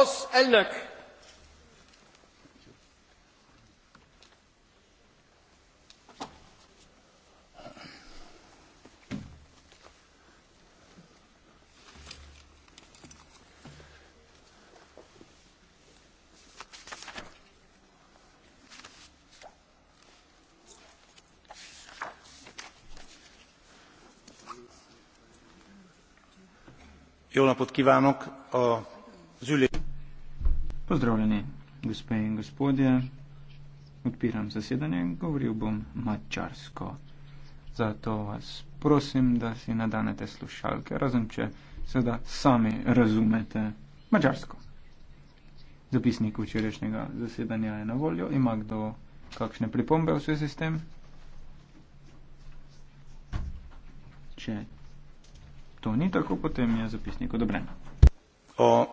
az elnök! Jó napot kívánok! Az ülés. Pozdravljeni, gospe in gospodje. Odpiram zasedanje, govoril bom mačarsko. Zato vas prosim, da si nadanete slušalke, razen če seveda sami razumete mačarsko. Zapisnik včerajšnjega zasedanja je na voljo. Ima kdo kakšne pripombe v svoj sistem? Če to ni tako, potem je zapisnik odobren. O.